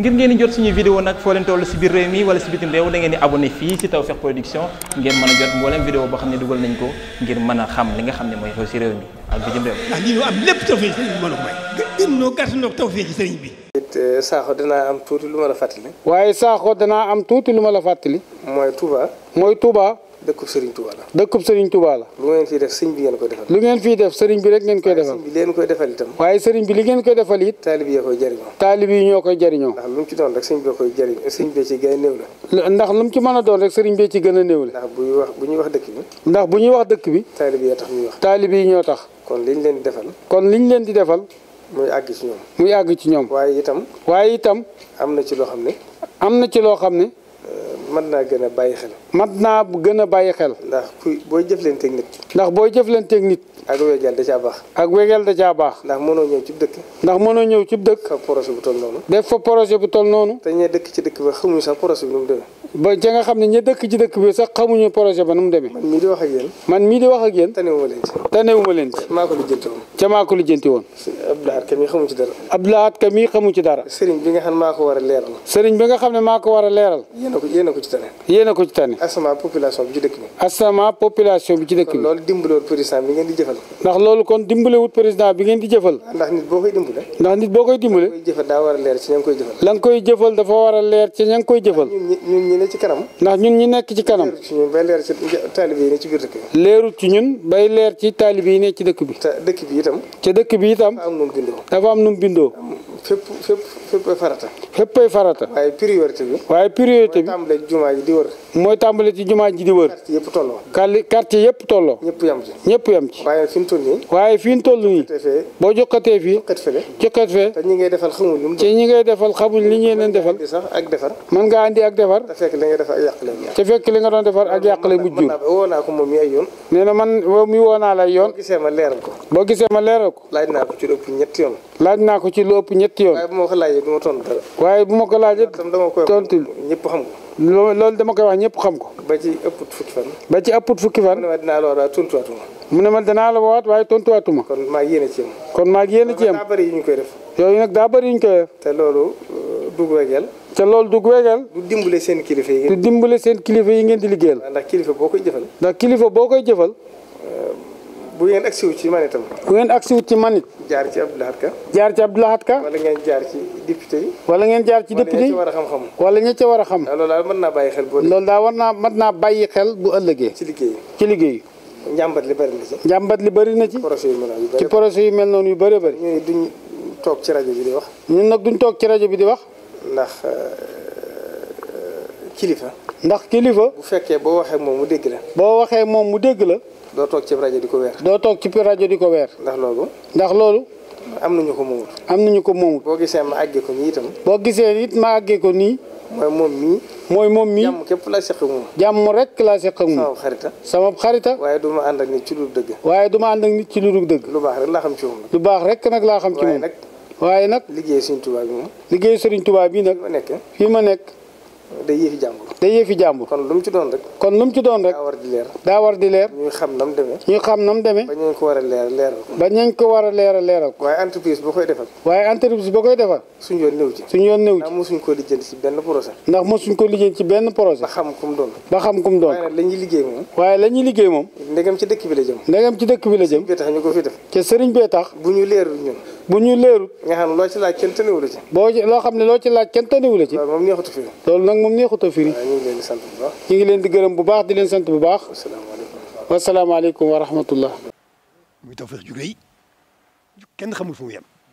ngir ngeen di jot suñu vidéo nag foo leen si biir réew mi wala si bitim réew da ngeen di abonné fii si Tawfekh Production ngeen mën a jot mboolem vidéo boo xam ne dugal nañ ko ngir mën a xam li nga xam ne mooy xew si réew mi ak bitim réew. ndax lii ñu am lépp tawfeex sëriñ bi mën a sëriñ bi. it eh, Sakho danaa am tuuti lu ma la fàttali. waaye Sakho danaa am tuuti lu ma la fàttali. mooy Touba. dëkkub Serigne Touba la. dëkkub Serigne Touba la. lu ngeen fii def sëriñ bi defal. lu ngeen fii def sëriñ bi rek ngeen koy defal. waaye sëriñ bi leen koy defal itam. waaye sëriñ bi li ngeen koy defal it. taalib yi koy jëriñoo. taalib yi ñoo koy jëriñoo. ndax lu mu ci doon rek sëriñ bi koy jëriñ sëriñ bi ci gën a néew la. ndax lu mu ci ci gën a néew la. wax bu ñuy wax dëkk bi. ndax bu ñuy wax dëkk bi. taalib yi tax ñuy wax. ñoo tax. kon liñ leen defal. kon liñ leen di defal. muy àgg ci ñoom. muy àgg ci ñoom. waaye itam. waaye itam. am na ci loo xam ne. am na ci loo xam ne. mën naa gën a bàyyi xel. mën naa gën a bàyyi xel. ndax kuy booy jëflanteeg nit. ndax booy jëflanteeg nit. ak wegeel da caa baax. ak wegeel da caa baax. ndax mënoo ñëw cib dëkk. ndax mënoo ñëw cib dëkk. def fa projet bu toll noonu. def fa projet bu toll noonu. te ñee dëkk ci dëkk ba xamuñu sax projet bi nu mu demee. ba ca nga xam ne ña dëkk ci dëkk bi sax xamuñu projet ba nu mu demee. man mii di wax ak yéen. man mii di wax ak yéen. tanewuma leen ci. tanewuma leen ci. maa ko lijjanti woon. ca maa ko lijjanti woon. Abdoulahat Ka mii xamu ci dara. Abdoulahat Ka mii xamu ci dara. sëriñ bi nga xam ne maa ko war a leeral. sëriñ bi nga xam ne maa ko war a leeral. yéen a ko yéen a ko ci tane. yéen a ko ci tane. asama population bi ci dëkk bi. asama population bi ci dëkk bi. kon loolu dimbalewut président bi ngeen di jëfal. ndax loolu kon dimbalewut président bi ngeen di jëfal. ndax nit boo koy dimbale. ndax nit boo koy dimbale. la nga koy jëfal dafa war a leer ci ña nga koy jëfal ne ci kanam. ndax ñun ñi nekk ci kanam. leerut ci ñun bay leer ci taalib yi ne ci dëkk bi. ci ñun bay leer ci taalib yi ne ci dëkk bi. te dëkk bi itam. te dëkk bi itam. dafa am nu mu dafa am nu bindoo. fépp fépp féppay farata. féppay farata. waaye priorité bi. waaye priorité bi mooy tàmbale ci jumaa ji di wër. mooy tàmbale ci jumaa ji di wër. quartier yëpp tolloo. kàlli ñëpp yam ci. ñëpp waaye fi mu toll nii. waaye fi mu toll nii. boo jokkatee fii. jokkat ñi ngay defal xamuñ mu. ñi ngay defal xamuñ li ñu defal. sax ak andi ak defar. te fekk li nga defar ak yàq lay mujj. te fekk li nga doon defar ak yàq lay mujj. woo moom mi ay yoon. nee na man mi woo naa lay yoon. boo gisee ma leeral ko. boo gisee ma leeral laaj naa ko ci lu ëpp ñetti ñetti yoon. waaye bu ma ko laajee du ma tontu dara. waaye bu ma ko laajee xam ko. loolu dama koy wax ñëpp xam ko. ba ci ëpput fukki fan. ba ci ëpput fukki fan. mu ne ma dinaa la woowaat waaye tontuwaatuma. mu ma dinaa la woowaat waaye tontuwaatuma. kon maa ngi yéene ci yem. kon maa ngi yéene ci yem. daa ñu koy def. yooyu nag daa bëri yu ñu koy def. te loolu uh, dugg wegeel. te loolu dugg wegeel. du dimbale seen kilifa yi. du seen kilifa yi ngeen di liggéeyal. ndax kilifa boo koy jëfal. ndax kilifa boo koy jëfal bu ngeen agsi wut ci man itam. bu ngeen ci man jaar ci Abdou Lahad Ka. jaar ci Abdou Lahad Ka. wala ngeen jaar ci député yi. wala ngeen jaar ci député yi wala ña war a xam-xam. wala ña ca war a xam. Ah, loolu daal mën naa bàyyi xel bu ëllëgee. loolu daal naa mën naa bàyyi xel bu ëllëgee. ci liggéey ci liggéey. njàmbat li bëri na ci. njàmbat li bëri na ci. projet yu mel noonu yu bëri ci projet yu mel noonu yu bëri duñ toog ci rajo bi di wax. ñun nag duñ toog ci rajo bi di wax. ndax euh, kilifa ndax kilifa. bu fekkee boo waxee moom mu dégg la. boo waxee moom mu dégg la. doo toog ci rajo di ko weer. doo toog ci rajo di ko weer. ndax loolu. ndax loolu. am na ñu ko moomut. am nañu ko moomut. boo gisee ma àggee ko nii itam. boo gisee it ma nii. mooy moom mii. mooy moom mii jàmm képp laa seq ak moom. jàmm rek laa seq ak moom. sama xarita. sama xarita. waaye du ànd ak nit ci lu dëgg. waaye du ma ànd ak nit ci dëgg. lu baax rek laa xam ci moom. lu baax rek nag laa xam ci moom waaye nag. liggéey Serigne Touba bi moom. liggéey Serigne Touba bi nag. fi ma nekk. day yëfi jàmbur. day yëfi jàmbur. kon lu ci doon rek. kon lu mu ci doon rek. daa war di leer. daa war di leer. ñu xam nam demee. ñu xam nam demee. ba ñu ko war a leer leeral ko. ba ko war a leeral leeral ko. waaye entreprise boo koy defal. waaye entreprise boo koy defal. suñu yoon néew ci. suñu yoon néew ci ndax mosuñ ko lijjanti ci benn projet. ndax mosuñ ko lijjanti ci benn projet. ba xam kum doon. ba xam kum doon. waaye liggéey moom. waaye la liggéey moom. ndegam ci dëkk bi la jëm. ndegam ci dëkk bi la jëm. ci sëriñ ñu ko fi def. te sëriñ bee tax. bu ñu leerul ñun bu ñu leerut. nga xam ne loo ci laaj kenn tëniwu la ci. boo ci loo xam ne loo ci laaj kenn tëniwu la ci. loolu moom neexut a firi. loolu nag moom neexut a firi. ñu ngi leen di sant bu baax. ñu ngi leen di gërëm bu baax di leen sant bu baax. wasalaamaaleykum wa rahmatullah. muy tawfeex ju rëy kenn xamul fu mu yem.